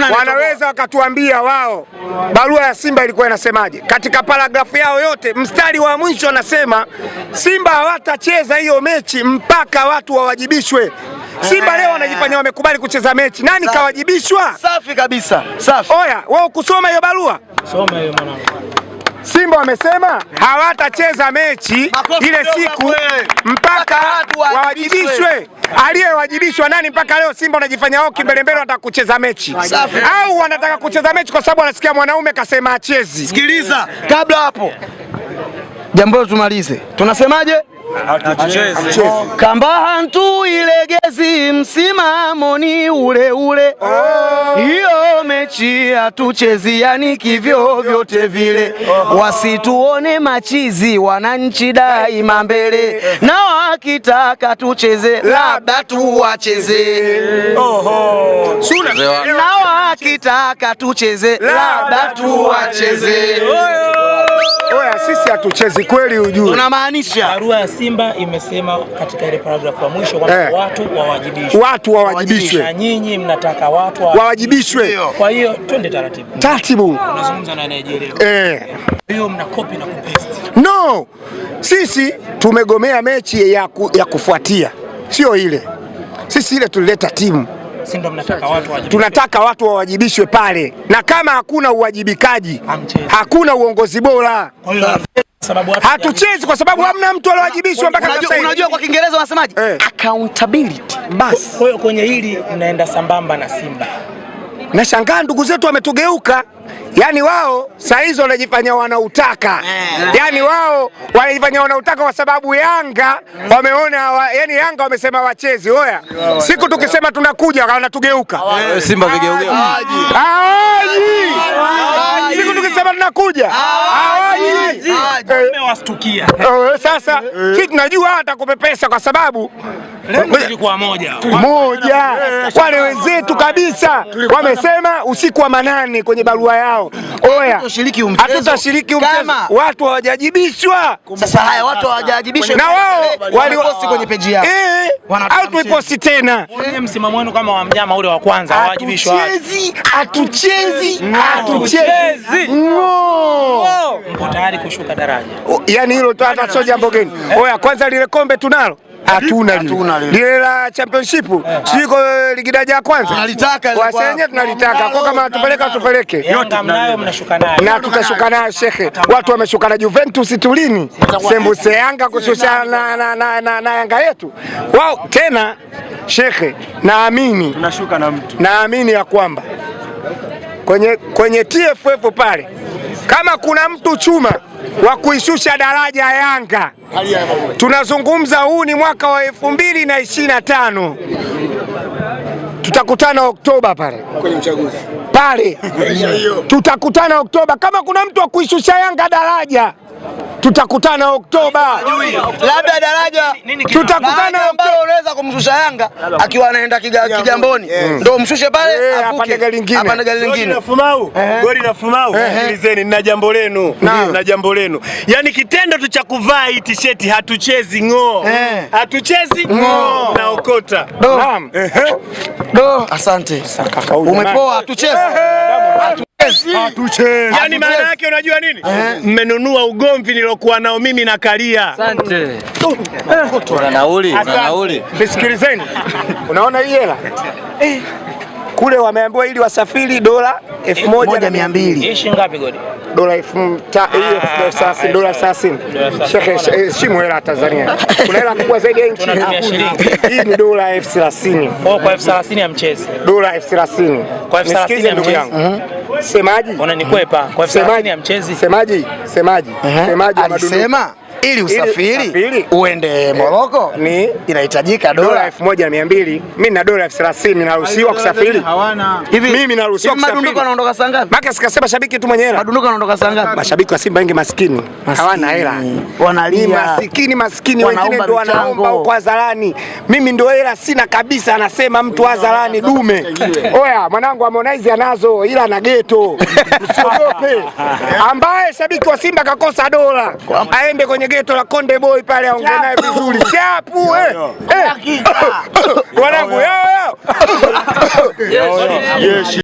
hakuna wanaweza wakatuambia wao barua ya Simba ilikuwa inasemaje? Katika paragrafu yao yote mstari wa mwisho anasema Simba hawatacheza hiyo mechi mpaka watu wawajibishwe. Simba leo wanajifanya wamekubali kucheza mechi, nani safi? Kawajibishwa? Safi kabisa, safi. Oya, wewe kusoma hiyo barua, soma hiyo mwanangu. Simba wamesema hawatacheza mechi ile siku eh. mpaka wawajibishwe aliyewajibishwa nani? Mpaka leo Simba anajifanya hoki mbele mbele, wanataka kucheza mechi au wanataka kucheza mechi kwa sababu anasikia mwanaume kasema achezi. Sikiliza kabla hapo, jambo tumalize, tunasemaje? kamba hantu ilegezi, msimamo ni ule ule. Hiyo mechi hatuchezi, yani kivyo vyote vile. Wasituone machizi, wananchi daima mbele, na wakitaka tucheze, labda tuwacheze. Na wakitaka tucheze, labda tuwacheze sisi hatuchezi kweli, ujue unamaanisha. Barua ya Simba imesema katika ile paragraph ya mwisho kwamba eh, watu wawajibishwe, watu wawajibishwe, na nyinyi mnataka watu wawajibishwe. Kwa hiyo twende taratibu taratibu, unazungumza na Nigeria eh, hiyo mna copy na kupaste. No, sisi tumegomea mechi ya, ku, ya kufuatia, sio ile. Sisi ile tulileta timu si ndio mnataka watu wajibishwe? Tunataka watu wawajibishwe pale, na kama hakuna uwajibikaji Amchezi. hakuna uongozi bora hatuchezi kwa sababu hamna mtu aliwajibishwa mpaka sasa. Unajua kwa Kiingereza wanasemaje? Eh. Accountability. Basi. Kwa hiyo kwenye hili mnaenda sambamba na Simba. Nashangaa ndugu zetu wametugeuka. Yaani wao saa hizi wanajifanya wanautaka, eh. yaani wao wanajifanya wanautaka kwa sababu Yanga wameona wa, yani Yanga wamesema wachezi oya, siku tukisema tunakuja wanatugeuka. Simba vigeuka, siku tukisema tunakuja Mmewastukia. Ah, eh. eh, sasa sisi eh. tunajua atakupepesa kwa sababu moja wale wenzetu kabisa wamesema usiku wa manane kwenye barua yao, oya, hatutashiriki mchezo. Watu hawajajibishwa. Sasa haya watu hawajajibishwa, na wao waliposti kwenye peji yao au tuiposti tena. Msimamo wenu kama wa mnyama ule wa kwanza, hawajibishwa. Hatuchezi, hatuchezi, hatuchezi mm tayari kushuka daraja. yani hilo hata sio jambo geni. Eh. Oya, kwanza lile kombe tunalo hatuna lile la championship yeah. Sio iko ligi daraja ya kwanza wasenye tunalitaka kwa kama tupeleka tupeleke na tutashuka nayo shekhe, watu wameshuka na Juventus tulini sembuse Yanga kushusha na, na, na, na, na Yanga yetu wao tena shekhe, naamini naamini ya kwamba kwenye, kwenye TFF pale kama kuna mtu chuma wa kuishusha daraja Yanga, tunazungumza huu ni mwaka wa elfu mbili na ishirini na tano. Tutakutana Oktoba pale pale, tutakutana Oktoba kama kuna mtu wa kuishusha Yanga daraja Tutakutana Oktoba, labda daraja, tutakutana Oktoba. Unaweza kumshusha Yanga akiwa anaenda Kigamboni, eh. ndio mshushe pale, eh, apande gari lingine, apande gari lingine. Fumau eh. goli na Fumau, sikilizeni, nina jambo lenu, nina jambo lenu. Yani kitendo tu cha kuvaa hii t-shirt, hatuchezi ngo, hatuchezi ngo, na okota. Naam, do, asante umepoa, hatuchezi, hatuchezi. Yani maana yake unajua nini? Mmenunua ugo ugomvi nilokuwa nao mimi na Karia. Asante. Una nauli, una nauli. Nisikilizeni. Unaona hii hela? Eh. Kule wameambiwa ili wasafiri dola 1200. moja Shilingi ngapi godi? Dola elfu thelathini, ah, ah, dola 30. Shekhe, shimu hela Tanzania. Kuna hela kubwa zaidi ya nchi. Hii ni dola 1030. Kwa 1030 ya mchezo. Dola 1030. Kwa 1030 ya mchezi. Semaji. Unanikwepa. Kwa sababu ya mchezi. Semaji, semaji. Semaji alisema ili usafiri, uende eh, Moroko ni inahitajika dola 1200. Mimi na dola 30 ninaruhusiwa kusafiri? Hawana. Hivi mimi naruhusiwa kusafiri. Madunduka anaondoka saa ngapi? Maka sikasema shabiki tu mwenyewe. hela. Madunduka anaondoka saa ngapi? Mashabiki wa Simba wengi maskini. Hawana hela. Wanalia. Maskini maskini wengine ndio wanaomba huko hadharani. Mimi ndio hela sina kabisa anasema mtu hadharani dume. Oya mwanangu Harmonize anazo ila na ghetto. Usiogope. Ambaye shabiki wa Simba kakosa dola aende kwenye geto la Konde Boy pale aongee naye vizuri chapu wanangu yao yao